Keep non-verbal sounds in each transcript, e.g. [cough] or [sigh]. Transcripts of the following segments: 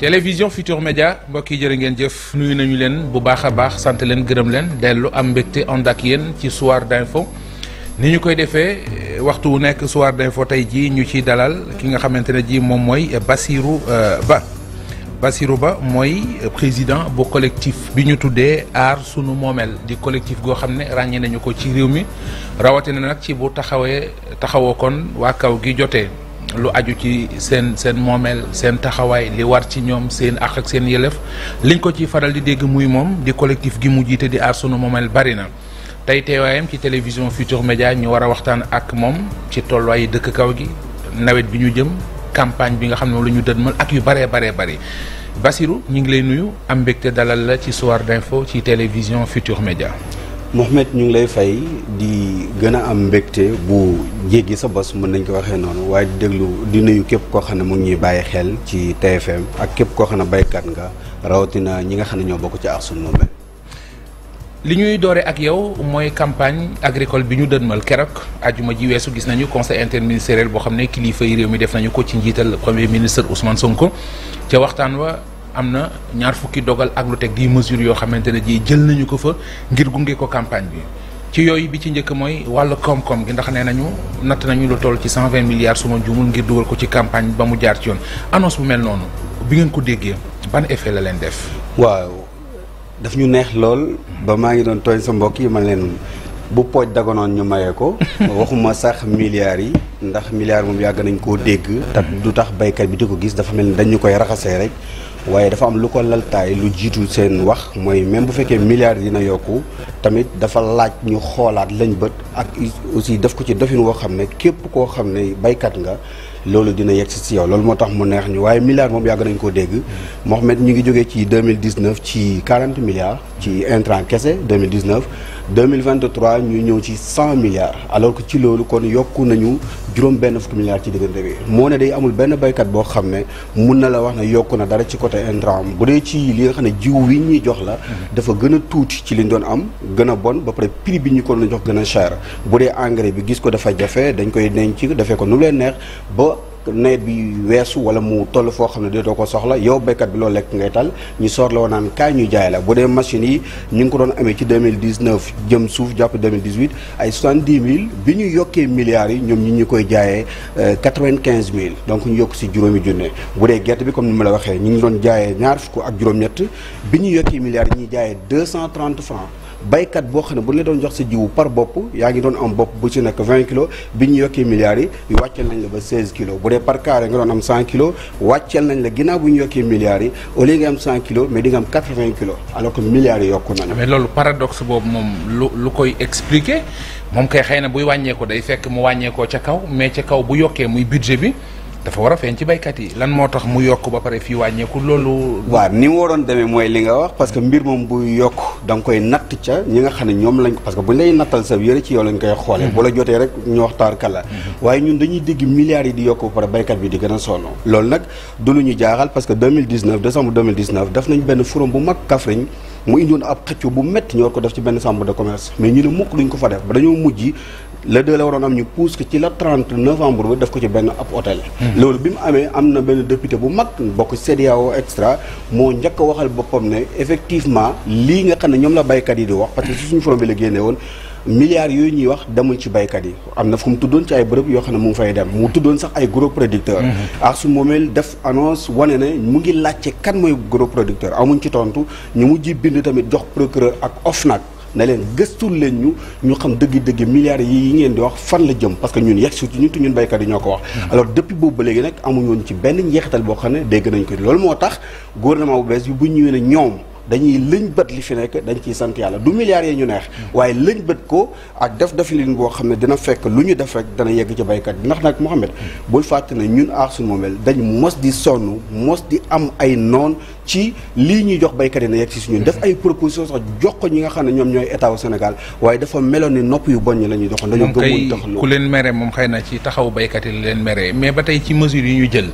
television Futur media mbokk yi jërë ngeen jëf nuyu nañu leen bu baax a baax sant leen gërëm leen dellu am mbégte ànd ak yéen ci soir d'info ni ñu koy defee waxtu wu nekk soir d'info tey jii ñu ciy dalal ki nga xamante ne jii moom mooy Basirou euh, Ba. Bassirou Ba mooy président bu collectif bi ñu tuddee aar sunu moomeel di collectif goo xam ne ràññee nañu ko ci réew mi rawatina nag ci bu taxawee taxawoo kon waa kaw gi jotee lu aju ci seen seen moomeel seen taxawaay li war ci ñoom seen àq ak seen yelef liñ ko ci faral di dégg muy moom di collectif gi mu jiite di aar sunu moomeel bari na. tey teewaayam ci télévision Futur Média ñu war a waxtaan ak moom ci tolluwaayu dëkk kaw gi nawet bi ñu jëm campagne bi nga xam ne moom ñu dënmal ak yu baree baree bari. Bassirou ñu ngi lay nuyu am mbégte dalal la ci soir d'info ci télévision Futur Média Mohamed ñu ngi lay fay di gën a am mbégte bu jéggi sa bos mën nañ ko waxee noonu waaye di déglu di nuyu képp koo xam ne mu ngi ñuy bàyyi xel ci TFM ak képp koo xam ne baykat nga rawatina ñi nga xam ne ñoo bokk ci Arsène Mohamed li ñuy doore ak yow mooy campagne agricole bi ñu dënmal keroog ajuma ji weesu gis nañu conseil interministériel boo xam ne kilifa yi réew mi def nañu ko ci njiital premier ministre Ousmane Sonko ca waxtaan wa am na ñaar fukki dogal ak lu teg di mesures yoo xamante ne ji jël nañu ko fa ngir gunge ko campagne bi ci yooyu bi ci njëkk mooy wàllu koom-koom gi ndax nee nañu natt nañu lu toll ci cent vingt milliards suma jumul ngir dugal ko ci campagne ba mu jaar ci yoon annonce bu mel noonu bi ngeen ko déggee ban effet la leen def daf ñu neex lool ba maa ngi doon tooñ sa mbokk yi ma leen bu pooj dagonoon ñu mayee ko [laughs] waxuma sax milliards yi ndax milliards moom yàgg nañ koo dégg te du tax baykat bi di ko gis dafa mel ni dañu koy raxasee rek waaye dafa am lu ko laltaay lu jiitu seen wax mooy même bu fekkee milliards dina yokku tamit dafa laaj ñu xoolaat lañ bët ak aussi def ko ci dofin woo xam ne képp koo xam ne baykat nga loolu dina yegg si si yow loolu moo tax mu neex ñu waaye milliards moom yàgg nañ ko dégg Mohamed ñu ngi jógee ci 2019 ci 40 milliards ci intrant kese 2019 2023 ñu ñëw ci cent milliards alors que ci loolu kon yokku nañu juróom benn fukki milliards ci diggante bi moo ne day amul benn baykat boo xam ne mun na la wax ne yokk na dara ci côté intrant bu dee ci li nga xam ne jiw wi ñuy jox la dafa gën a tuuti ci liñ doon am gën a bon ba pare prix bi ñu ko doon jox gën a cher bu dee engrais bi gis ko dafa jafe dañ koy denc defee ko nu leen neex ba nawet bi weesu wala mu toll foo xam ne dootoo ko soxla yow baykat bi loolu lekk ngay tal ñu soor la woon naan kaay ñu jaay la bu dee machines yi ñu ngi ko doon amee ci 2019 jëm suuf jàpp 2018 ay 70 000 bi ñu yokkee milliards yi ñoom ñi ñu koy jaayee 95 euh, 000 donc ñu yokk si juróomi junne bu dee gert bi comme ni ma la waxee ñu ngi doon jaayee ñaar fukk ak juróom-ñett bi ñu yokkee milliards yi ñuy jaayee 230 francs baykat boo xam ne bu ñu la doon jox sa jiwu par bopp yaa ngi doon am bopp bu ci nekk 20 kilos bi ñu yokkee milliards yi wàcceel nañ la ba 16 kilos bu dee par carré nga doon am 100 kilos wàcceel nañ la ginnaaw bu ñu yokkee milliards yi au lieu nga am 100 kilos mais di nga am 80 kilos alors que milliards yi yokku nañu. mais loolu paradoxe boobu moom lu lu koy expliquer moom kay xëy na buy wàññeeku day fekk mu wàññeekoo ca kaw mais ca kaw bu yokkee muy budget bi. dafa war a feeñ ci baykat yi lan moo tax mu yokk ba pare fii wàññeeku loolu. waaw ni mu waroon demee mooy li nga wax parce que mbir moom bu yokk da nga koy natt ca ñi nga xam ne ñoom lañ parce que buñ lay nattal sa yëre ci yow lañ koy xoolee. Mhm. bu la jotee rek ñu waxtaan kala. Mhm. waaye ñun dañuy dégg milliards yi di yokk ba pare baykat bi di gën a sonn. loolu nag du lu ñu jaaxal parce que 2019 décembre 2019 def nañ benn forum bu mag Kaffrine. mu indiwoon ab ko def ci benn chambre de commerce mais ñu ne ko fa def ba dañoo mujj le deux la waroon am ñu pousse ci la trente novembre ba def ko ci benn ab hôtel. loolu bi mu amee am na benn député bu mag bokk CEDEAO extra moo njëkk a waxal boppam ne effectivement lii nga xam ne ñoom la baykat yi di wax parce que si suñu forom bi la génne woon. milliards yooyu ñuy wax demul ci baykat yi am na fu mu tuddoon ci ay bërëb yoo xam ne mu ngi fay dem mu tuddoon sax ay gros producteurs mm-hmm. ak su moomeel def annonce wane ne mu ngi laajte kan mooy gros producteur amuñ ci tontu ñu mujj bind tamit jox procureur ak OFNAC na leen gëstul leen ñu ñu xam dëgg-dëgg milliards yi ngeen di wax fan la jëm parce que ñun yegg surtout ñun tu ñun béykat yi ñoo ko wax hmm. alors depuis boobu ba léegi nag amuñu woon ci benn njeexital boo xam ne dégg nañ ko loolu moo tax gouvernement bu bees bi bu ñëwee ne ñoom dañuy lëñ bët li fi nekk dañ ciy sant yàlla du milliards yi ñu neex hmm. waaye lëñ bët ko ak def def lin boo xam ne dina fekk lu ñu def rek dana yegg ci baykat yi ndax nag Mohamed hmm. bul fàtte ne ñun aar suñu moomeel dañ mos di sonn mos di am ay noon ci lii ñuy jox béykat yi na yegg ci suñu def ay proposition sax jox ko ñi nga xam ne ñoom ñooy état wu Sénégal waaye dafa meloon ni nopp yu bon ñi la ñuy doxoon dañoo gëmul dox ku leen mere moom xay na ci taxaw béykat yi la leen mere mais ba tey ci mesures yi ñu jël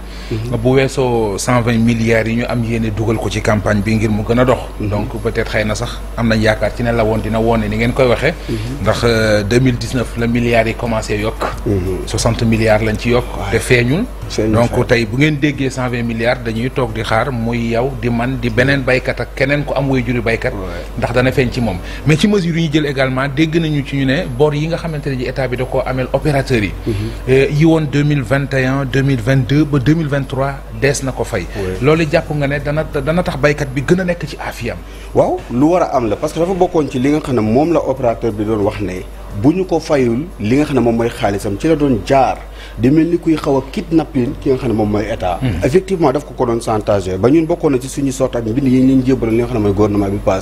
bu weesoo cent vingt milliards yi ñu am yéene dugal ko ci campagne bi ngir mu gën a dox donc peut être xëy na sax am nañ yaakaar ci ne la woon dina woone ni ngeen koy waxee ndax 2019 la milliards yi commencé yokk mhm. soixante milliards lañ ci yokk te feeñul donc tey bu ngeen déggee cent vingt milliards dañuy toog di xaar muy yow di man di beneen baykat ak keneen ku am way juri baykat ndax dana feeñ ci moom mais ci mesure yi ñu jël également dégg nañu ci ñu ne bor yi nga xamante ne ji état bi da koo ameel opérateurs yi mhm. euh, yi woon deux mille vingt et un deux mille vingt deux ba deux mille vingt trois dees na ko fay loolu jàpp nga ne dana dana tax baykat bi gën a nekk ci aafiyam waaw lu war a am la parce que dafa bokkoon ci li nga xam ne moom la opérateur bi doon wax ne bu ñu ko fayul li nga xam ne moom mooy xaalisam ci la doon jaar di mel ni kuy xaw a kidnapping ki nga xam ne moom mooy état. Hmm. effectivement daf ko ko doon chantage ba ñun bokkoon na ci suñu sorte ak mbind yi ñu jébbal li nga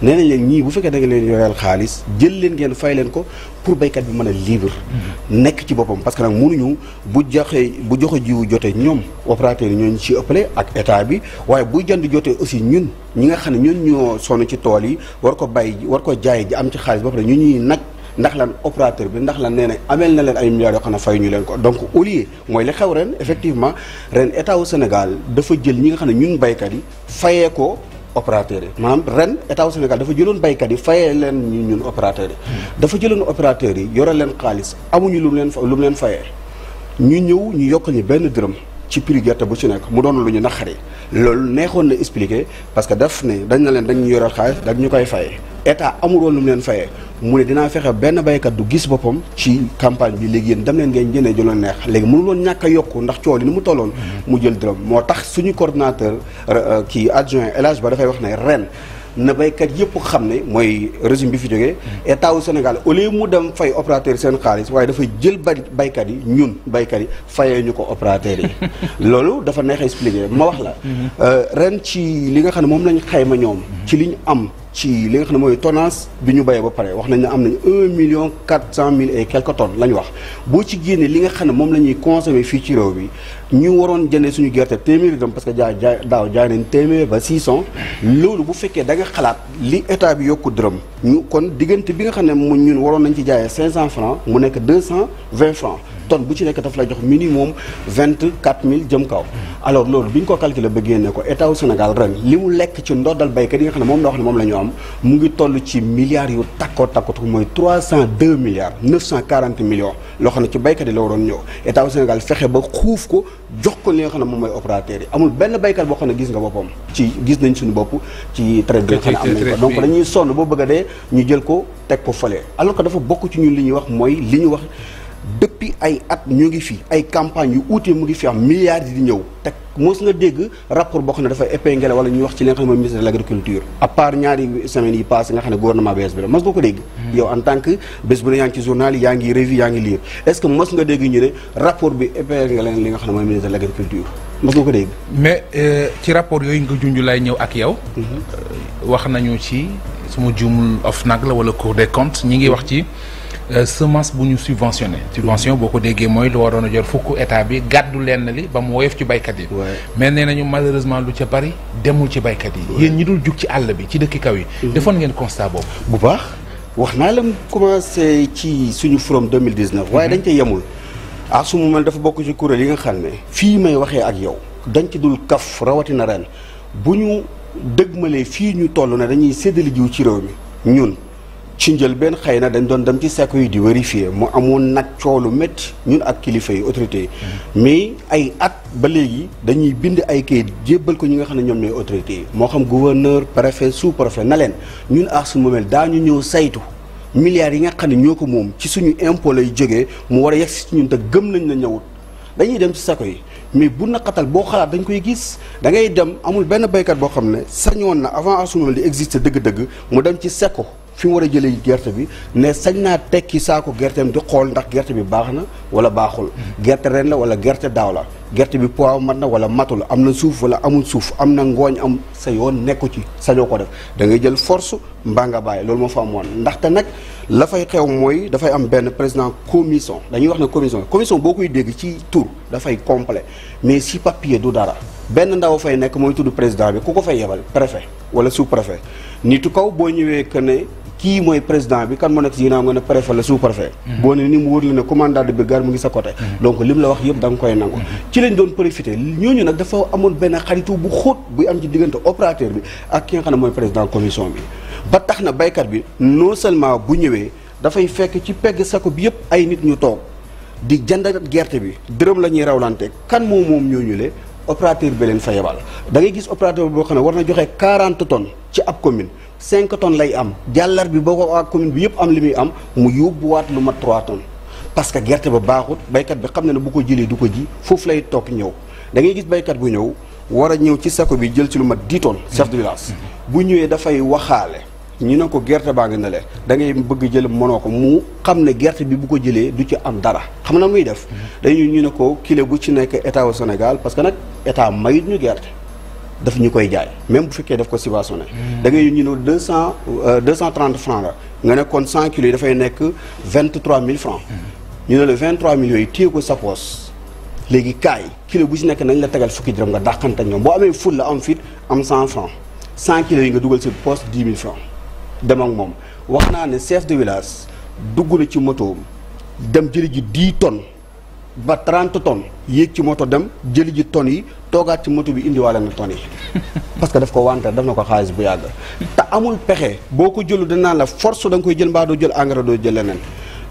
leen ñii bu fekkee da leen yoreel xaalis jël leen ngeen fay leen ko pour baykat bi mën a libre hmm. nekk ci boppam parce que nag mënuñu bu joxee bu joxe jiwu jotee ñoom opérateurs yi ñooñu ci ëppale ak état bi waaye bu jënd jotee aussi ñun ñi nga xam ne ñun ñoo sonn ci tool yi war ko bàyyi war ko jaay ji am ci xaalis ba pare ñu ñuy nag ndax lan opérateur bi ndax lan nee na ameel na leen ay milliards yoo xam ne fay ñu leen ko donc au mooy li xew ren effectivement ren état wu Sénégal dafa jël ñi nga xam ne ñun béykat yi fayee ko opérateurs yi maanaam ren état wu Sénégal dafa jëloon béykat yi fayee leen ñu ñun opérateurs yi dafa jëloon opérateurs yi yore leen xaalis amuñu lu mu leen lu mu leen fayee ñu ñëw ñu yokkal ñu benn dërëm ci prix gerte bu ci nekk mu doon lu ñu naqari loolu neexoon na expliquer parce que daf ne dañ na leen dañ ñu yoral xaalis dañ ñu koy fayee état amul woon lu mu leen fayee mu ne dinaa fexe benn baykat du gis boppam ci campagne bi léegi yéen dam leen ngay jëndee ju la neex léegi mënu loon ñàkk a yokku ndax coow li nu mu tolloon mm-hmm. mu jël dërëm moo tax suñu coordonnateur euh, euh, kii adjoint El Hadj Ba dafay wax ne ren na baykat yëpp xam ne mooy régime bi fi jógee état Sénégal au lieu mu dem fay opérateur seen xaalis waaye dafay jël ba béykat yi ñun baykat yi fayee ñu ko opérateur yi [laughs] loolu dafa neex expliqué ma wax la mhm. euh, ren ci li nga xam ne moom lañ xayma ñoom ci li ñu am ci li nga xam ne mooy tonnage bi ñu béyee ba pare wax nañ ne am nañ un million quatre cent mille et quelques tonnes la ñu wax boo ci génnee li nga xam ne moom lañuy ñuy fii ci réew bi ñu waroon jëndee suñu gerte téeméeri dërëm parce que jaay jaay daaw jaay nañ téeméer ba six cent loolu bu fekkee da nga xalaat li état bi yokku dërëm ñu kon diggante bi nga xam ne mu ñun waroon nañ ci jaaye cinq cent francs mu nekk deux cent vingt francs tonne bu ci nekk daf la jox minimum vingt quatre mille jëm kaw. alors loolu bi ñu ko calculé ba génne ko état wu Sénégal ren li mu lekk ci dal béykat yi nga xam ne moom la wax moom la ñu am mu ngi toll ci milliards yu takkoo takkatu mooy trois cent deux milliards neuf cent quarante loo xam ne yi la waroon ñëw état wu Sénégal fexe ba xuuf ko jox ko li nga xam ne moom mooy opérateur yi amul benn béykat boo xam ne gis nga boppam ci gis nañ suñu bopp ci traite bi nga xam ne am nañ sonn boo bëgg a dee ñu jël ko teg ko fële alors que dafa bokk ci ñu li ñuy wax mooy li ñu wax depuis ay at ñu ngi fi ay campagne yu uute mu ngi fi am milliards di ñëw te mos nga dégg rapport boo xam ne dafa épinglé wala ñuy wax ci li nga xam ne mooy ministre de l' agriculture à part ñaari semaines yi passé nga xam ne gouvernement bees bi mos nga ko dégg hmm. yow en tant que bés bu ne yaa ngi ci journal yaa ngi revue yaa ngi lire est ce que mos nga dégg ñu ne rapport bi épinglé leen li nga xam ne mos nga dégg mais euh, ci rapport yooyu nga junj lay ñëw ak yow hmm. euh, wax nañu ci suma juumul of nag la wala cour des comptes ñi ngi wax ci Euh, semence bu ñu subventionné subvention boo ko déggee mooy lu waroon a jor fukk état bi gàddu leen li ba mu woyof ci baykat yi mais ne nañu malheureusement lu ca bari demul ci baykat yi yéen ñi dul jug ci àll bi ci dëkki kaw yi mhm. defoon ngeen constat boobu bu baax wax naa la commencé ci suñu forum 2019 mhm. waaye dañ ca yemul ah su mu dafa bokk ci kuréel yi nga xam ne fii may waxee ak yow dañ ci dul kaf rawatina ren bu ñu dëgmalee fii ñu toll ne dañuy séddale jiw ci réew mi ñun ci benn xëy na dañ doon dem ci seko yi di vérifier mu amoon nag coolu lu ñun ak kilifa yi autorité yi mm-hmm. mais ay at ba léegi dañuy bind ay kayit jébbal ko ñi nga xam ne ñoom ñooy autorité yi moo xam gouverneur préfet sous préfet na leen ñun ak su moomeel daañu ñëw saytu milliards yi nga xam ne ñoo ko moom ci suñu impôt lay jógee mu wara a yegsi ñun te gëm nañ na ñëwut dañuy dem ci seko yi mais bu naqatal boo xalaat dañ koy gis da ngay dem amul benn béykat boo xam ne sañoon na avant asumamel di exister dëgg-dëgg mu dem ci seko fi mu war a jëlee gerte bi ne sañ naa tekki saako gerteem di xool ndax gerte bi baax na wala baaxul gerte ren la wala gerte daaw la gerte bi poids mat na wala matul am na suuf wala amul suuf am na ngooñ am sa yoon nekku ci sañoo ko def da ngay jël force mbaa nga bàyyi loolu moo fa amoon ndaxte nag la fay xew mooy dafay am benn président commission dañuy wax ne commission commission boo koy dégg ci tur dafay complet mais si papier du dara benn ndaw fay nekk mooy tudd président bi ku ko fay yebal préfet wala sous préfet nitu kaw boo ñëwee que kii mooy président bi kan moo nekk si ginnaaw nga ne préfet la sous préfet mhm. boo ne ni mu wóor la ne commandant de brigade mu ngi sa côté mhm. donc li mu la wax yëpp da nga koy nangu mhm. ci lañ doon profité ñooñu nag dafa amoon benn xaritu bu xóot bu am ci diggante opérateur bi ak ki nga xam ne mooy président commission bi ba tax na baykat bi non seulement bu ñëwee dafay fekk ci pegg sako bi yëpp ay nit ñu toog di jëndat gerte bi dërëm la ñuy rawlante kan moo moom ñooñu le opérateur bi leen fa yebal da gis opérateur boo xam ne war na joxe 40 tonnes ci ab commune cinq tonnes lay am jàllar bi boo ko waa commune bi yëpp am li muy am mu yóbbuwaat lu mat trois tonnes parce que gerte ba baaxut baykat bi xam na ne bu ko jëlee du ko ji foofu lay toog ñëw da ngay gis baykat bu ñëw war a ñëw ci sako bi jël ci lu mat dix tonnes de village bu ñëwee dafay waxaale ñu ne ko gerte baa ngi na leen da ngay bëgg jël mënoo ko mu xam ne gerte bi bu ko jëlee du ci am dara xam na muy def mm-hmm. dañuy ñu ne ko kilo bu ci nekk état au Sénégal parce que nag état mayut ñu gerte daf ñu koy jaay même bu fekkee def ko subventionné. Hmm. da ngay ñu ne deux cent euh, deux cent trente franc la nga ne cent kilos yi dafay nekk vingt trois mille franc. Hmm. ñu ne la vingt trois mille yooyu téye ko sa poos léegi kaay kilo bu si nekk nañ la tegal fukki dërëm nga dàqante ñoom boo amee ful la am fit am cent franc cent kilos yi nga dugal sa poos dix mille franc dem moom wax naa ne chef de village dugg na ci moto dem jëli ji dix tonnes. ba 30 tonnes yéeg ci moto dem jëli ji tonnes yi toogaat ci moto bi indiwaale na tonnes yi parce que daf ko wanteer daf na ko xaalis bu yàgg te amul pexe boo ko jëlu danaa la force da koy jël mbaa doo jël engrais doo jël leneen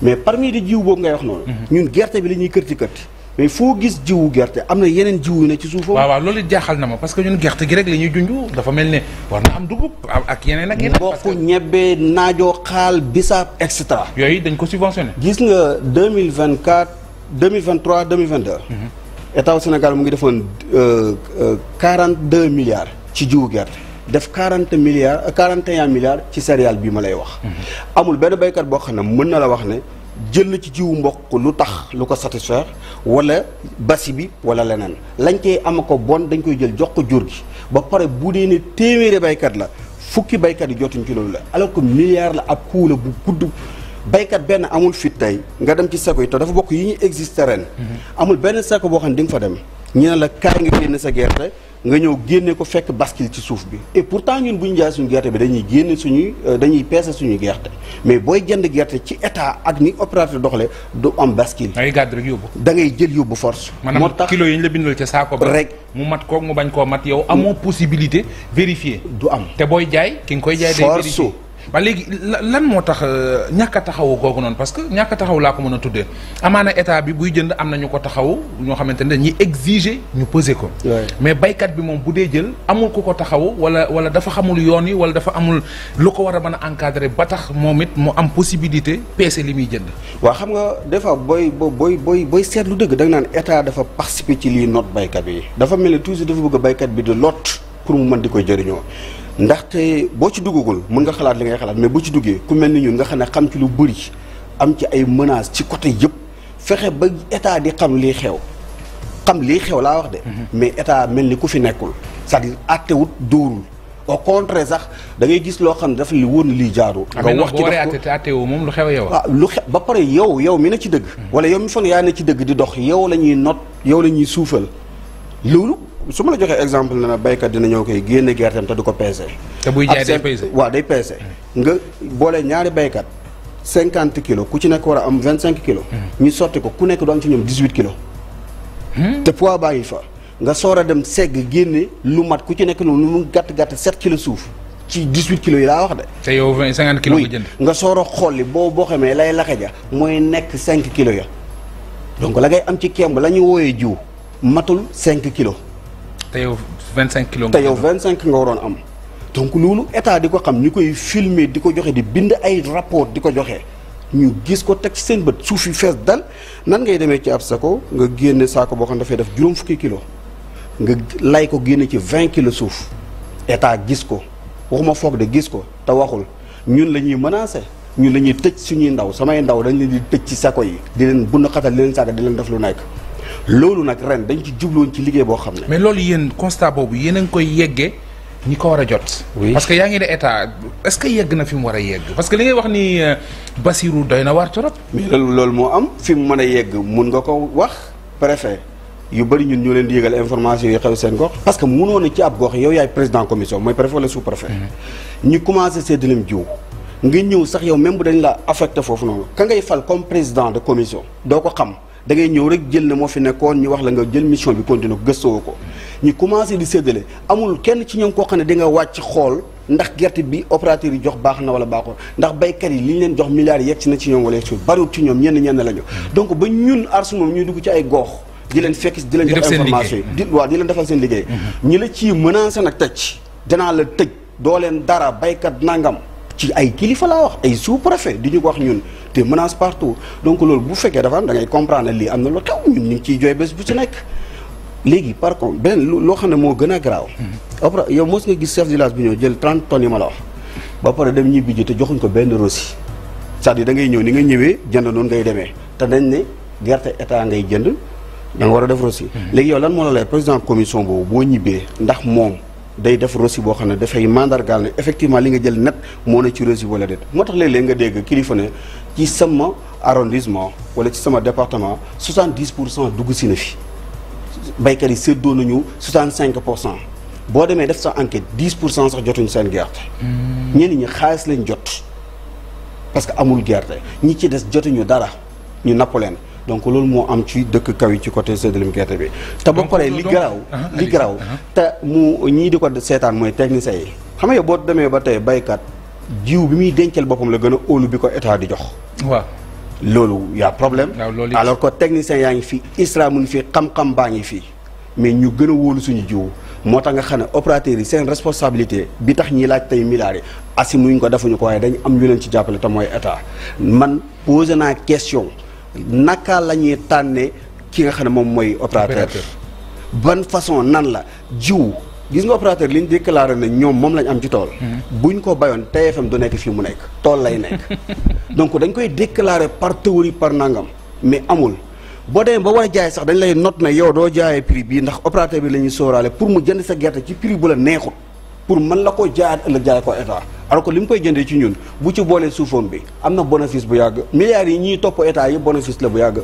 mais parmi di jiw boobu ngay wax noonu mhm. ñun gerte bi la ñuy kërti kërti mais foo gis jiwu gerte am na yeneen jiwu yu ne ci suufam waaw waaw loolu jaaxal na ma parce que ñun gerte gi rek la ñuy junj dafa mel ne war na am dugub a yeneen ak yeneen mboq ñebe naajoo xaal bisaab et cetera yooyu dañ ko subventionné gis nga 2024 2023 2022. état wu Sénégal mu ngi defoon euh, euh, quarante 42 milliards ci jiwu gerte def 40 milliards 41 euh, milliards ci céréale bi ma lay wax. amul benn baykat boo xam ne mën na la wax ne jël na ci jiwu mbokk lu tax lu ko satisfaire wala basi bi wala leneen lañ cey ama ko bon dañ koy jël jox ko jur gi ba pare bu dee ne téeméeri baykat la fukki béykat yi jotuñ ci loolu la alors que milliard la ab coût bu gudd. baykat benn amul fit tey nga dem ci seko yi te dafa bokk yi ñu existe ren. amul benn seko boo xam ne di nga fa dem ñu ne la kaay nga génne sa gerte nga ñëw génne ko fekk bascule ci suuf bi. pour pourtant ñun bu ñu jaay suñu gerte bi dañuy génne suñuy euh, dañuy peese suñu gerte mais booy jënd gerte ci état ak ni opérateur doxalee du am bascule. da ngay gàdd rek yóbbu. da ngay jël yóbbu force. moo tax kilo yi ñu la bindal ca saako ba rek. mu mat koog mu bañ koo mat yow amoo possibilité vérifier. du am te booy jaay ki nga koy jaay day vérifier waaw léegi lan moo tax euh, ñàkk a taxawu googu noonu parce que ñàkk a taxaw laa ko mën a tuddee amaana état bi buy jënd am na ñu ko taxawu ñoo xamante ne dañuy exiger ñu peser ko. mais baykat bi moom bu dee jël amul ku ko taxawu wala wala dafa xamul yoon yi wala dafa amul lu ko war a mën a encadrer ba tax it mu am possibilité peser li muy jënd. waaw xam nga des booy booy booy booy booy seetlu dëgg da naan état dafa participer ci lii noot baykat yi dafa mel toujours dafa bëgg baykat bi de lot pour mu mën di koy jariñoo ndaxte boo ci duggagul mën nga xalaat li ngay xalaat mais boo ci duggee ku mel ni ñun nga xam ne xam ci lu bëri am ci ay menaces ci côté yëpp fexe ba état di xam lii xew xam lii xew laa wax de. Mhm. mais état mel ni ku fi nekkul. c'est-à-dire àttewut dóorul au contraire sax da ngay gis loo xam ne dafa li woon lii jaarul. Ah, nga wax ci daf ko moom lu xew yow. Ah, lu xew ba pare yow yow mi na ci dëgg. Mhm. wala yow mi foog yaa ne ci dëgg di dox yow la ñuy not yow la ñuy suufal loolu. su ma la joxee exemple ne na béykat dina ñëw koy génne gerteem te du ko peese. te buy jaay day peese nga boole ñaari baykat cinquante kilos ku ci nekk war a am vingt cinq kilos. Hmm. ñu sotti ko ku nekk du am ci ñoom dix huit kilos. Hmm? te poids baa ngi nga soor a dem segg génne lu mat ku ci nekk noonu lu mu gàtt kilos suuf. ci 18 kilos yi laa wax de. te yow 20 50 kilos nga jënd. nga soor a xolli boo boo xamee lay laxe ja mooy nekk 5 kilos ya donc la ngay am ci kemb la ñu wooyee jiw matul cinq kilos. te yow cinq kilos. te yow 25 nga waroon am. donc loolu état di ko xam ñu koy filmer di ko joxe di bind ay rapport di ko joxe ñu gis ko teg ci seen bët suuf yi fees dal nan ngay demee ci ab sako nga génne saako boo xam ne dafay def juróom fukki kilos nga lay ko génne ci vingt kilos suuf état gis ko waxuma foog de gis ko te waxul ñun la ñuy menacer ñun la ñuy tëj suñuy ndaw samay ndaw dañ leen di tëj ci sako yi di leen bunn xatal di leen saaga di leen def lu nekk. loolu nag ren dañ ci jubloon ci liggéey boo xam ne. mais loolu yéen constat boobu yéen a ngi koy yeggee ñi ko war a jot. parce que yaa ngi ne état est ce que yegg na fi mu war a yegg parce que li ngay wax ni euh, Basirou doy na waar trop. mais loolu loolu moo am fi mu mën a yegg mun nga ko wax préfet. yu bëri ñun ñoo leen di yëgal information yi xew seen gox parce que mënoon na ci ab gox yow yaay président commission mooy préfet wala sous préfet mm-hmm. ñu commencé séddaleem jiw nga ñëw sax yow même bu dañ la affecté foofu noonu ka ngay fal comme président de doo ko xam dangay ñëw rek jël na moo fi nekkoon ñu wax la nga jël mission bi continué ko gëstoo ko ñu commencé di séddale amul kenn ci ñoom koo xam ne di nga wàcc xool ndax gerte bi opérateur yi jox baax na wala baaxul ndax baykat yi li leen jox milliards yegg si na ci ñoom wala ci bariwul ci ñoom ñenn ñenn la ñu donc ba ñun ars moom ñuy dugg ci ay goox di leen fekk di leen jox information yi di waaw di leen defal seen liggéey mhm. ñi la ciy menacé nag te danaa la tëj doo leen dara baykat nangam ci ay kilifa laa wax ay sous préfet di ñu wax ñun te menace partout donc loolu bu fekkee dafa am da ngay comprendre lii am na lu xew ñun ñu ngi ciy jooy bés bu ci nekk léegi par contre benn loo xam ne moo gën a garaaw mhm. après yow mos nga gis chef de bi ñoo jël 30 tonnes yi ma la wax ba pare dem ñibbi ji te joxuñ ko benn rossi cest yi dire da ngay ñëw ni nga ñëwee jënd noonu ngay demee te dañ ne gerte état ngay jënd da nga war a def rosi mhm. léegi yow lan moo lay président commission boobu boo ñibbee ndax moom day def reçu boo xam ne dafay mandargaal ne effectivement li nga jël net moo ne ci reçu wala de moo tax léeg-léeg nga dégg kilifa ne ci sama arrondissement wala ci sama département 70 pour cent dugg si na fi béykat yi séddoo nañu 65 pour cent boo demee def sa enquête 10 pour cent sax jotuñu seen gerte. Hmm. ñenn ñi xaalis lañ jot parce que amul gerte ñi ci des jotuñu dara ñu napp leen. donc loolu moo am ci dëkk kaw yi ci côté séddalum gerte bi te ba pare li garaaw ah, li garaaw ah, ah. te mu ñii di ko seetaan mooy technicien yi xam nga boo demee ba tey baykat jiw bi muy dencal boppam la gën a óolu bi ko état di jox waaw loolu y a problème alors que technicien yaa ngi fi islam mu fi xam baa ngi fi mais ñu gën a wóolu suñu jiw moo tax nga xam ne opérateurs yi seen responsabilité bi tax ñiy laaj tey milliards yi asimuñ ko defuñu ko waaye dañ am ñu leen ci jàppale te mooy état man posé naa question naka la ñuy tànnee ki nga xam ne moom mooy opérateur ban façon nan la jiw gis nga opérateur li ñu déclaré ne ñoom moom lañ am ci tool hmm. buñ ko bayoon TFM du nekk fii mu nekk tool lay nekk [laughs] donc dañ koy déclaré par théorie par nangam mais amul boo demee ba war a jaay sax dañ lay not na yow doo jaayee prix bii ndax opérateur bi la ñuy sóoraale pour mu jënd sa gerte ci prix bu la neexut pour mën la ko jaayaat ëllëg jaay ko état alors que li mu koy jëndee ci ñun bu ci boolee suufoom bi am na bénéfice bu yàgg milliards yi ñuy topp état yëpp bénéfice la bu yàgg.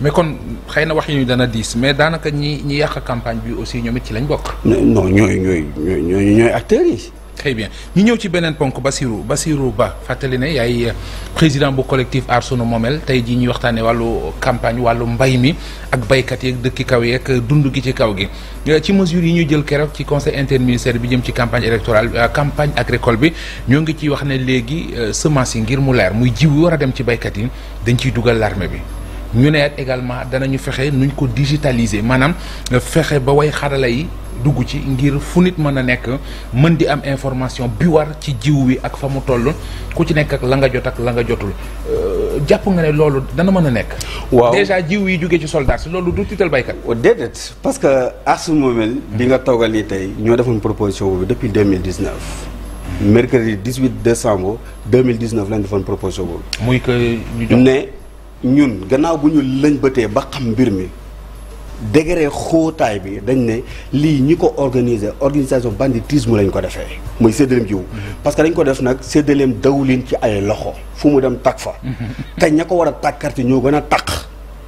mais kon xëy na wax yi ñu dana diis mais daanaka ñi ñi yàq campagne bi aussi ñoom it ci lañ bokk. non ñooy ñooy ñooy ñooy acteurs yi. très bien ñu ñëw ci beneen ponk Basirou Basirou Ba fàttali ne yaay euh, président bu collectif Aar Sunu Moomeel tey jii ñuy waxtaanee wàllu campagne wàllu mbay mi ak baykat yeeg dëkki kaw yeeg dund gi ci kaw gi euh, ci mesures yi ñu jël keroog ci conseil interministère bi jëm ci campagne électorale euh, campagne agricole bi ñoo ngi ciy wax ne léegi semence yi ngir mu leer muy jiw war a dem ci baykat yi dañ ciy dugal larme bi ñu ne at également danañu fexe nuñ ko digitaliser maanaam fexe ba way xarala yi dugg ci ngir fu nit mën a nekk mën di am information bi war ci jiw wi ak fa mu toll ku ci nekk ak la nga jot ak la nga jotul euh, jàpp nga ne loolu dana mën a nekk. waaw déjà jiw yi jógee ci soldat si loolu du tiital baykat. Oh, déedéet parce que Astou Moomel bi nga toogal nii tey ñoo defoon proposition boobu depuis deux mille dix neuf. mercredi dix huit décembre deux mille dix neuf lañ defoon proposition boobu. muy que ñu jox ne. ñun gannaaw bu ñu lëñbëtee ba xam mbir mi degré xóotaay bi dañ ne lii ñi ko organiser organisation banditisme lañ ko defee muy séddaleem jiw mhm. parce que dañ ko def nag séddaleem dawlin ci ay loxo fu mu dem takk fa mhm. te ña ko war a tàkkarte ñoo gën a takk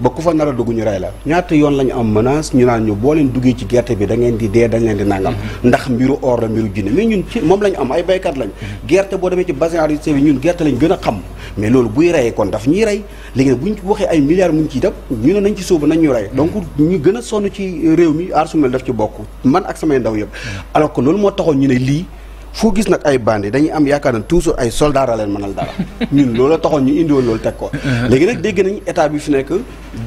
ba ku fa nar a dugg ñu rey la ñaata yoon la ñu am menace ñu naan ñu boo leen duggee ci gerte bi da di dee dañ leen di nangam mm-hmm. ndax mbiru or la mbiru jinne mais ñun ci moom lañu am ay béykat lañ mm-hmm. gerte boo demee ci bassin arachidier bi ñun gerte lañ gën a xam mais loolu buy reyee kon daf ñuy rey léegi nag buñ waxee ay milliards mu ngi ciy def ñu ne nañ ci sóobu nañ ñu rey donc mm-hmm. ñu gën a sonn ci réew mi aar su mel daf ci bokk man ak samay ndaw yëpp alors loolu moo taxoon ñu ne lii foo gis nag ay bandi dañuy am yaakaar ne toujours ay soldats a leen mënal dara [laughs] ñun loolu taxoon ñu indiwoon loolu teg ko uh-huh. léegi nag dégg nañu état bi fi nekk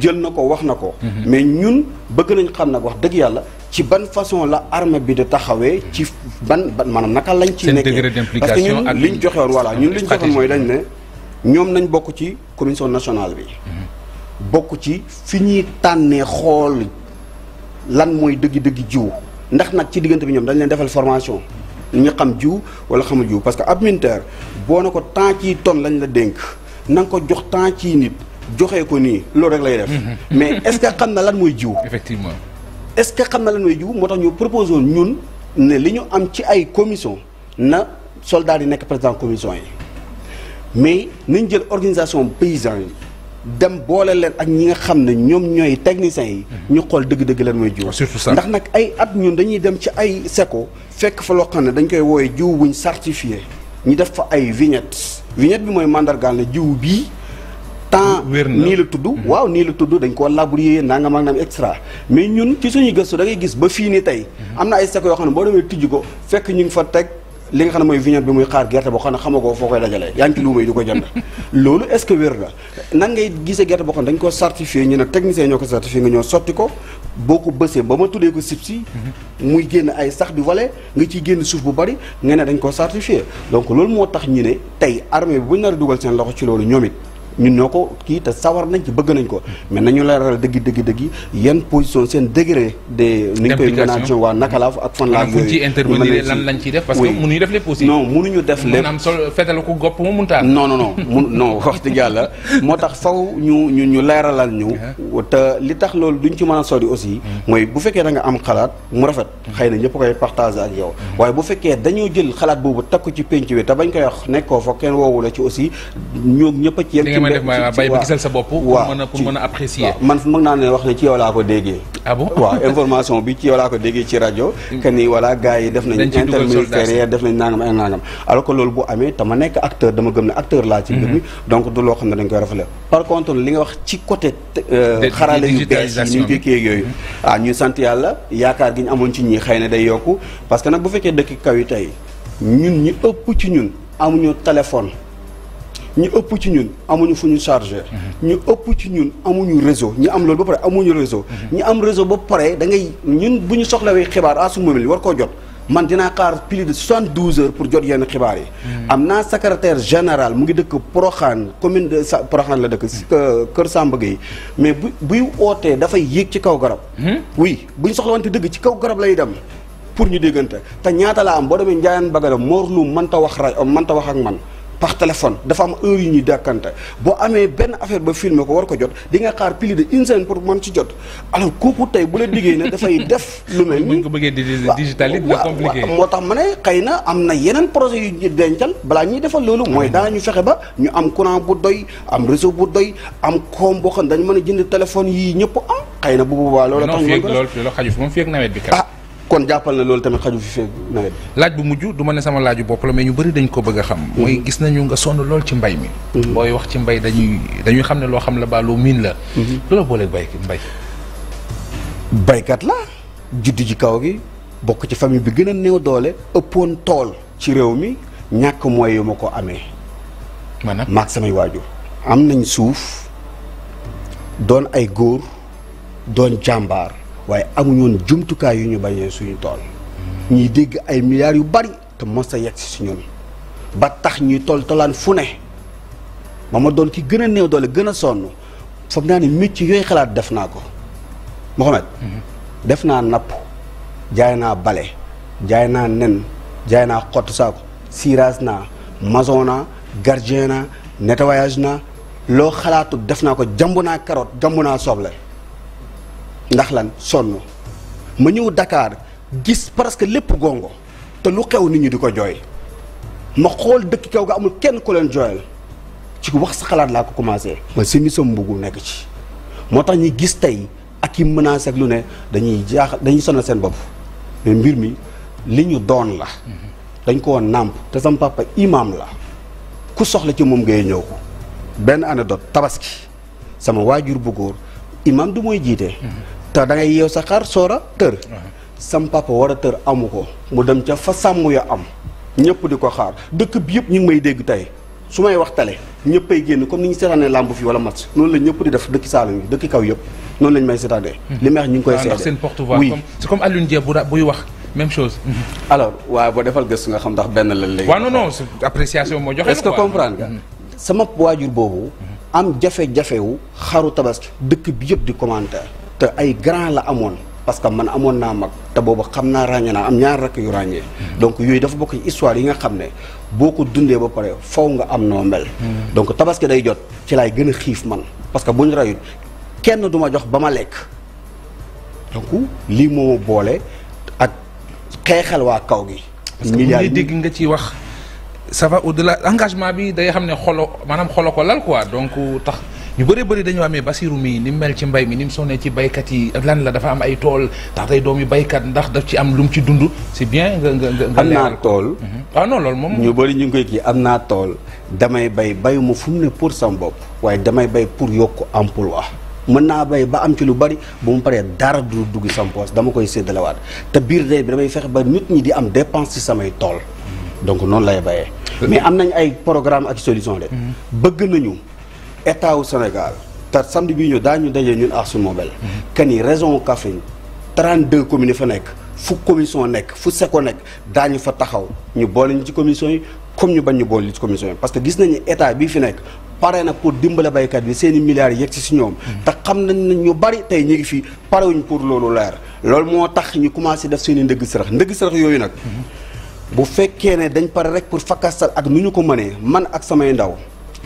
jël na ko wax na ko uh-huh. mais ñun bëgg nañ xam nag wax dëgg yàlla ci ban façon la armée bi di taxawee ci ban ban maanaam naka lañ ci nekkee parce que ñun liñ joxewoon voilà ñun liñ joxewoon mooy dañ ne ñoom nañ bokk ci commission nationale bi uh-huh. bokk ci fi ñuy tànnee xool lan mooy dëgg-dëgg jiw ndax nag ci diggante bi ñoom dañ leen defal formation ñu xam jiw wala xamul jiw parce que ab ministère boo na ko temps ciy ton lañ la dénk na nga ko jox temps ci nit joxe ko nii loolu rek lay def. Mhm. mais est-ce que xam na lan mooy jiw. effectivement est-ce que xam na lan mooy jiw moo tax ñu proposé ñun ne li ñu am ci ay commission na soldats yi nekk président commission yi mais nañ jël organisation paysan yi. dem boole leen ak ñi nga xam ne ñoom ñooy techniciens yi. ñu xool dëgg-dëgg leen mooy jiw. surtout ça ndax nag ay at ñun dañuy dem ci ay seko fekk fa loo xam ne dañ koy wooye jiw buñ certifié ñu def fa ay vignette vignette bi mooy mandargaal ne jiw bii. temps nii la tudd mhm. waaw nii la tudd dañ koo labourer naa nga mag naam extra mais ñun ci suñu gëstu da ngay gis ba fii ni tey mhm. am na ay seko yoo xam ne boo demee tijji ko fekk ñu ngi fa teg li nga xam ne mooy vignette bi muy xaar gerte boo xam ne xamagoo foo koy dajalee yaa ngi ci luuma yi di ko jënd [laughs] loolu est-ce que wér la nan ngay gisee gerte boo xam ne dañ ko certifié ñu ne technicien ñoo ko certifié nga ñoo sotti ko boo ko bësee ba ma tuddee ko sib si mhm. muy génn ay sax di wale nga ciy génn suuf bu bari nga ne dañ koo certifié donc loolu moo tax ñu ne tey armée bi buñ nar a dugal seen loxo ci loolu ñoom it ñun ñoo ko kii te sawar nañ ci bëgg nañ ko mais nañu leeral dëgg dëgg dëgg yan position seen degré de ni ñu waa naka la ak fan laa buñ ci intervenir lan def parce que mënuñu def lépp def lépp maanaam sol fetal ko gopp mu muntaar non non non [laughs] mun non wax dëgg yàlla moo tax faw ñu ñu ñu leeralal ñu uh-huh. te li tax loolu duñ ci mën a sori aussi uh-huh. mooy bu fekkee da am xalaat mu rafet xëy na ñëpp koy partage ak yow uh-huh. waaye bu fekkee dañoo jël xalaat boobu takku ci pénc bi te bañ koy wax nekkoo fa kenn woowu la ci aussi ñoo ñëpp ci may def ma man mën naa ne wax ne ci yow laa ko déggee. ah [laughs] information bi ci yow laa ko déggee ci rajo. Mm. que ni voilà gars yi def nañu. interministériel def nañu nangam ak nangam. alors que loolu bu amee dama nekk acteur dama gëm ne acteur laa ci mbir mi. Mm-hmm. donc du loo xam ne dañ koy rafetlu par contre li nga wax ci côté. Euh, xarale yu bees yi ñu dëkkee yooyu. Mm-hmm. ah ñu sant yàlla yaakaar gi ñu amoon ci ñii xëy na day yokk parce que nag bu fekkee dëkk kaw yi tey ñun ñi ëpp ci ñun amuñu téléphone ñu ëpp ci ñun amuñu fu ñu chargeur ñu ëpp ci ñun amuñu réseau ñu am loolu ba pare amuñu réseau ñu am réseau ba pare da ngay ñun bu ñu soxlawee xibaar à su moment war koo jot man dinaa xaar plus de soixante douze heures pour jot yenn xibaar yi am naa secrétaire général mu ngi dëkk Poroxaan commune de sa Poroxaan la dëkk euh, Kër Samba Gueye mais bu buy ootee dafay yéeg ci kaw garab oui bu ñu soxlawante dëgg ci kaw garab lay dem pour ñu déggante te ñaata la am boo demee Njaayaan Bagala Mor Loum mënta wax ra mënta wax ak man par téléphone dafa am heure yu ñuy dàkkante boo amee benn affaire ba filmer ko war ko jot di nga xaar plus de une semaine pour mën ci jot alors kooku tey bu la liggéey ne dafay def lu mel ni ko bëggee digital it compliqué moo tax ma ne xëy na am na yeneen projet yu ñu dencal balaa ñuy defal loolu mooy mm-hmm. daa ñu fexe ba ñu am courant bu doy am réseau bu doy am koom boo xam dañ mën a jënd téléphone yi ñëpp am xëy na bu boobaa loolu tax ñu loolu xaju fi moom fi ak nawet bi kat ah, kon jàppal na loolu tamit xaju fi fee nawet laaj bu mujj du ma ne sama laaju bopp la mais ñu bari dañ ko bëgg a xam. Mhm. mooy gis nañu nga sonn lool ci mbay mi. mooy mhm. wax ci mbay dañuy dañuy xam ne loo xam la ba lu miin la. Mhm. lu la booleeg bay mbay. baykat la juddu ji kaw gi bokk ci famille bi gën a néew doole ëppoon tool ci réew mi ñàkk mooy yu ma ko amee. maanaam maag samay waajur. am nañ suuf doon ay góor doon jàmbaar. waaye amuñu jumtukaay yu ñu bayee suñu tool ñuy dégg ay milliards yu bari te mos a yegg si si ñun ba tax ñuy tol tolaan fu ne ba ma doon ki gën a néew doole gën a sonn foog naa ne mécc yooyu xalaat def naa ko Mohamed mhm. def naa napp jaay naa bale jaay naa nen jaay naa xottu saako cirage naa maçon naa gardien naa nettoyage naa loo xalaatu def naa ko jamb naa carotte jamb naa soble ndax lan sonn ma ñëw dakaar gis presque lépp gongo te lu xew nit ñi di ko jooy ma xool dëkk kaw gi amul kenn ku leen jooyal ci wax sa xalaat laa ko commencé. ma simi sa mbugu nekk ci moo tax ñi gis tey ak yi menacé ak lu ne dañuy jaaxal dañuy sonal seen bopp mais mbir mi li ñu doon la. dañ ko woon nàmp te sama papa imam la ku soxla ci moom ngay ñëw ko benn anecdote tabaski sama waajur bu góor imam du mooy jiite. te da ngay yeew sa xar soora tër sam papa war a tër amu ko mu dem ca fa sàmm ya am ñëpp di ko xaar dëkk bi yëpp ñu ngi may dégg tey su may waxtale ay génn comme ni ñu seetaanee làmb fii wala match noonu la ñëpp di def dëkk Saalum dëkk kaw yëpp noonu lañ may seetaanee hmm. li ñu ngi koy ah, seede seen porte-voix oui c'est comme Alioune Dieng bu buy wax même chose [laughs] alors waaw boo defal gëstu nga xam ndax benn la léegi waaw non non appréciation moo joxe est-ce que comprendre hmm. sama waajur boobu hmm. am jafe-jafewu xaru tabaski dëkk bi yëpp di commentaire te ay grand la amoon parce que man amoon naa mag te boobu xam naa ràññee naa am ñaar rakk yu ràññee hmm. donc yooyu dafa bokk ci histoire yi nga xam ne boo ko dundee ba pare faw nga am noo mel hmm. donc tabaski day jot ci laay gën a xiif man parce que bu ñu rayut kenn duma jox ba ma lekk donc lii moo boole ak xeexal waa kaw gi milliards yi dégg nga ci wax ça va au delà engagement bi day xam ne xolo maanaam xolo ko lal quoi donc tax ñu bëri bari dañoo amee Basiru mi ni mu mel ci mbay mi ni mu sonnee ci baykat yi lan la dafa am ay tool ndax day doom yi baykat ndax daf ci am lu mu ci dund c'est bien nga nga nga am naa tool mhm. ah loolu moom ñu bëri ñu ngi koy kii am naa tool damay bay bayuma fu mu ne pour sama bopp waaye damay bay pour yokk emploi mën naa bay ba am ci lu bari bu mu paree dara du dugg sama poos dama koy séddalewaat te biir day bi damay fexe ba nit ñi di am dépense ci samay tool mhm. donc noonu lay bayee mais am nañ ay programme ak solution de mhm. bëgg nañu état wu Sénégal te samedi bii ñu daañu daje ñun ak suñu mobile. que ni région Kaffrine 32 communes fa nekk fu commission nekk fu seko nekk daañu fa taxaw ñu boole ñu ci commission yi comme ñu bañ ñu boole ñu ci parce que gis nañu état bii fi nekk. pare na pour dimbale baykat bi seen i yegg si si ñoom. te xam nañ ne ñu bari tey ñu ngi fi parewuñ pour loolu leer. loolu moo tax ñu commencé def seen i ndëgg sërëx ndëgg sërëx yooyu nag. bu fekkee ne dañ pare rek pour fakkastal ak nu ñu ko mënee man ak samay ndaw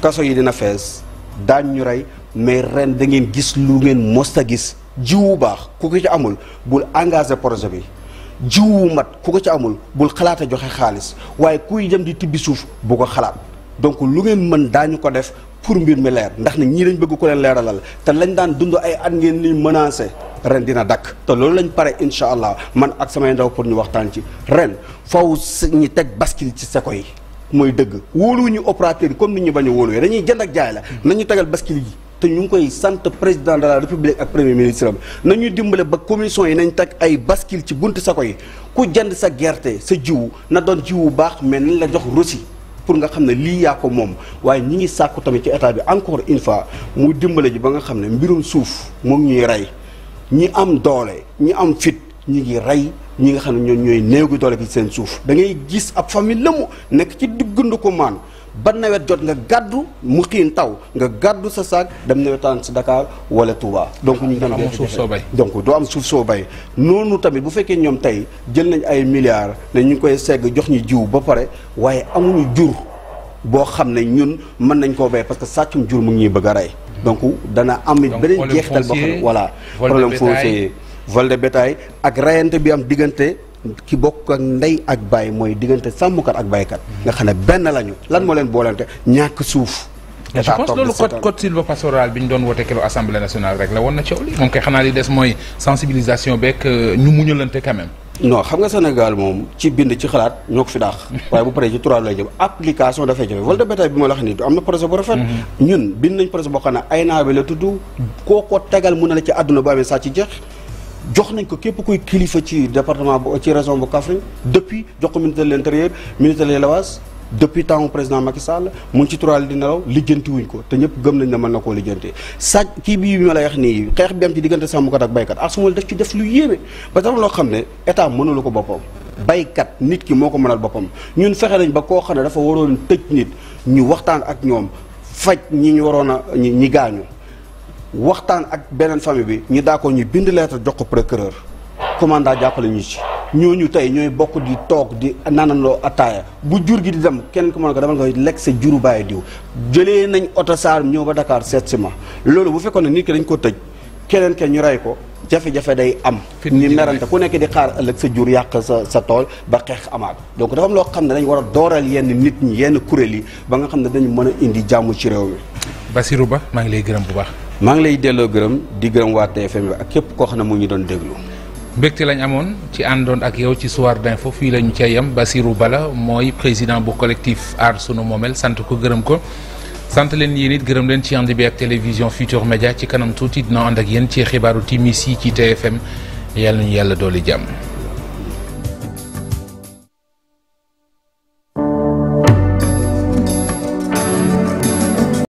kaso yi dina fees. daañ ñu rey mais ren da ngeen gis lu ngeen mos a gis jiwu baax ku ko ci amul bul engagé projet bi jiwu mat ku ko ci amul bul xalaat a joxe xaalis waaye kuy jëm di tibbi suuf bu ko xalaat donc lu ngeen mën daañu ko def pour mbir mi leer ndax ne ñii dañ bëgg ko leen leeralal te lañ daan dund ay at ngeen ni menacé ren dina dakk te loolu lañ pare incha allah man ak samay ndaw pour ñu waxtaan ci ren faw ñi teg bascule ci seko yi mooy dëgg wóoluwuñu opérateur yi comme ni ñu bañ a wóoluwee dañuy jënd ak jaay la nañu tegal bascule yi te ñu ngi koy sant président de la république ak premier ministre am nañu dimbale ba commission yi nañ teg ay bascule ci buntu sako yi ku jënd sa gerte sa jiw na doon jiw jiwu baax mais nañ la jox rosi pour nga xam ne lii yaa ko moom waaye ñi ngi sàkku tamit ci état bi encore une fois mu dimbale ji ba nga xam ne mbirum suuf moom ñuy rey ñi am doole ñi am fit ñi ngi rey ñi nga xam ne ñoom ñooy néew gi doole ci seen suuf da ngay gis ab famille mu nekk ci diggund ko maan ba nawet jot nga gàddu mu xiin taw nga gàddu sa saak dem nawetaan si Dakar wala Touba. donc ñu gën a soo bay donc doo suuf soo bay noonu tamit bu fekkee ñoom tey jël nañ ay milliards ne ñu ngi koy segg jox ñu jiw ba pare waaye amulu jur boo xam ne ñun mën nañ koo bay parce que sàccum jur mu ngi bëgg a rey donc dana am it beneen jeextal boo xam ne voilà problème foncier vol de bétail ak rayante bi am diggante ki bokk ak ndey ak baay mooy diggante kat ak baykat nga xam ne benn lañu lan moo leen boolante ñàkk suuf je pense loolu code bi ñu doon woote keroog assemblée nationale rek la woon na coow li moom kay xanaa euh, ñu muñalante quand même xam nga Sénégal moom ci bind ci xalaat ñoo ko fi daax waaye bu paree ci trois lay jëm application dafay jafe vol bi ma la xam ni am na projet bu rafet mm-hmm. ñun bind nañ projet boo xam ne ay naa bi la tudd kookoo tegal mun na la ci àdduna bu amee saa ci jeex jox nañ ko képp kuy kilifa ci département bu ci région bu Kaffrine depuis jox ko ministre de l'intérieur ministre de l'élevage depuis temps mu président Macky Sall mu ngi ci turaal ko te ñëpp gëm nañ ne mën na koo lijjantee sàcc kii bii bi ma lay wax nii xeex bi am ci diggante sàmmkat ak baykat asumul daf ci def lu yéeme ba tax loo xam ne état mënula ko boppam baykat nit ki moo ko mënal boppam ñun fexe nañ ba koo xam ne dafa waroon tëj nit ñu waxtaan ak ñoom faj ñi ñu waroon a ñi gaañu waxtaan ak beneen famille bi ñu daa ko ñu bind lettre jox ko procureur commandant jàppale ñu ci ñu tey ñooy bokk di toog di naanandoo attaaya bu jur gi di dem kenn ku mën ko demal ko lekk sa juru diw jëlee nañ oto saar ñëw ba Dakar seet loolu bu fekkoon ne nit dañ ko tëj keneen ke ñu rey ko jafe day am ni merante ku nekk di xaar ëllëg sa jur yàq sa sa tool ba xeex amaat donc dafa am loo xam ne dañ war a dooreel yenn nit ñi yenn kuréel yi ba nga xam ne dañu mën a indi jàmm ci réew mi ba Basirou Ba maa ngi lay gërëm bu baax maa ngi lay delloo gërëm di gërëm waa TFM ak képp koo xam ne mu ñu doon déglu. mbekk lañ amoon ci àndoon ak yow ci soir d'info fii lañu ñu cay yem Basirou Bala mooy président bu collectif Aar Sunu Moomel sant ko gërëm ko. sant leen yéen it gërëm leen ci ànd bi ak télévision Futur Média ci kanam tuuti dina ànd ak yéen ci xibaaru timis yi ci TFM yal nañu yàlla doole jàmm.